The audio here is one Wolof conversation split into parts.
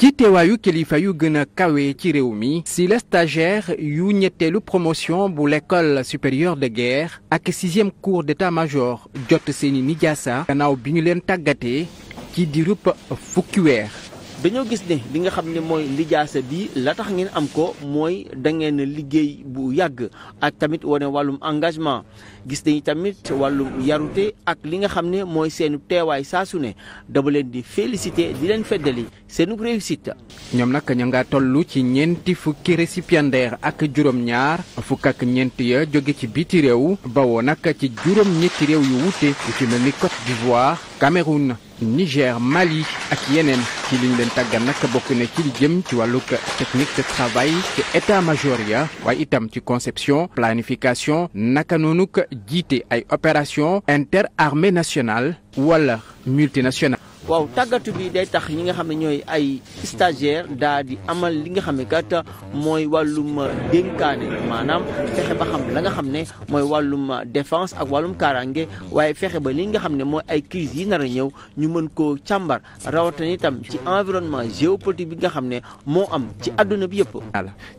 ci teewaayu kilifa yu gën a kawe ci réew mi si la stagiaire yu ñetteelu promotion bu l'école supérieure de guerre ak sixième cours d'état-major jot seeni nijaasa gannaaw bi ñu leen tàggatee ci dirub fukki weer dañoo gis ne li nga xam ne mooy lijaasa bi la tax ngeen am ko mooy da ngeen liggéey bu yàgg ak tamit wane wàllum engagement gis nañu tamit wàllum yarute ak li nga xam ne mooy seenu teewaay saa su ne dama leen di félicité di leen feddali seenu réussite. ñoom nag ña nga tollu ci ñeenti fukki récipiendaire ak juróom-ñaar fukk ak ñeent ya jóge ci biiti réew bawoo nag ci juróom-ñetti réew yu wuute yu ci mel ni Côte d'Ivoire Cameroun. Niger Mali ak yeneen ci li ñu leen tàggat nag bokk na ci li jëm ci wàllug technique de travail ci état major ya waaye itam ci conception planification naka noonu jiite ay opération interarmée nationale wala multinationale waaw tàggatu bi day tax ñi nga xam ne ñooy ay stagiaire daa di amal li nga xam ne kat mooy wàllum dénkaane maanaam fexe ba xam la nga xam ne mooy wàllum défense ak wàllum kaaraange waaye fexe ba li nga xam ne mooy ay crise yi nar a ñëw ñu mën koo càmbar rawatina itam ci environnement géopolitique bi nga xam ne moo am ci àdduna bi yëpp.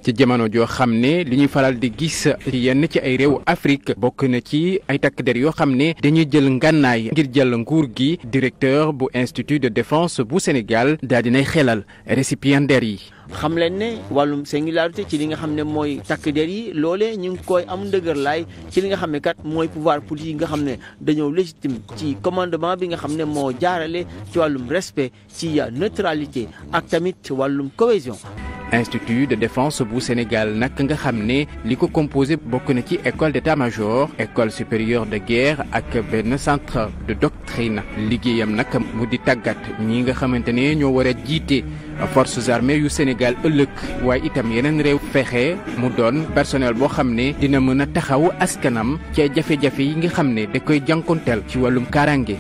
ci jamono joo xam ne li ñu faral di gis yenn ci ay réew Afrique bokk na ci ay takk der yoo xam ne dañuy jël ngànnaay ngir jël gi institut de défense bu Sénégal daal dinay xelal récipiendaires yi. xam leen ne wàllum singularité ci li nga xam ne mooy takk der yi loole ñu ngi koy am ndëgër laay ci li nga xam ne kat mooy pouvoir politique yi nga xam ne dañoo légitime ci commandement bi nga xam ne moo jaarale ci wàllum respect ci neutralité ak tamit wàllum cohésion. institut de défense bu Sénégal nag nga xam ne li ko composé bokk na ci école d'état-major école supérieure de guerre ak benn centre de doctrine liggéeyam nag mu di tàggat ñi nga xamante ne ñoo war a jiite force armées yu Sénégal ëllëg waaye itam yeneen réew fexe mu doon personnel boo xam ne dina mën a taxaw askanam ci jafe-jafe yi nga xam ne da koy jànkonteel ci wàllum kaaraange.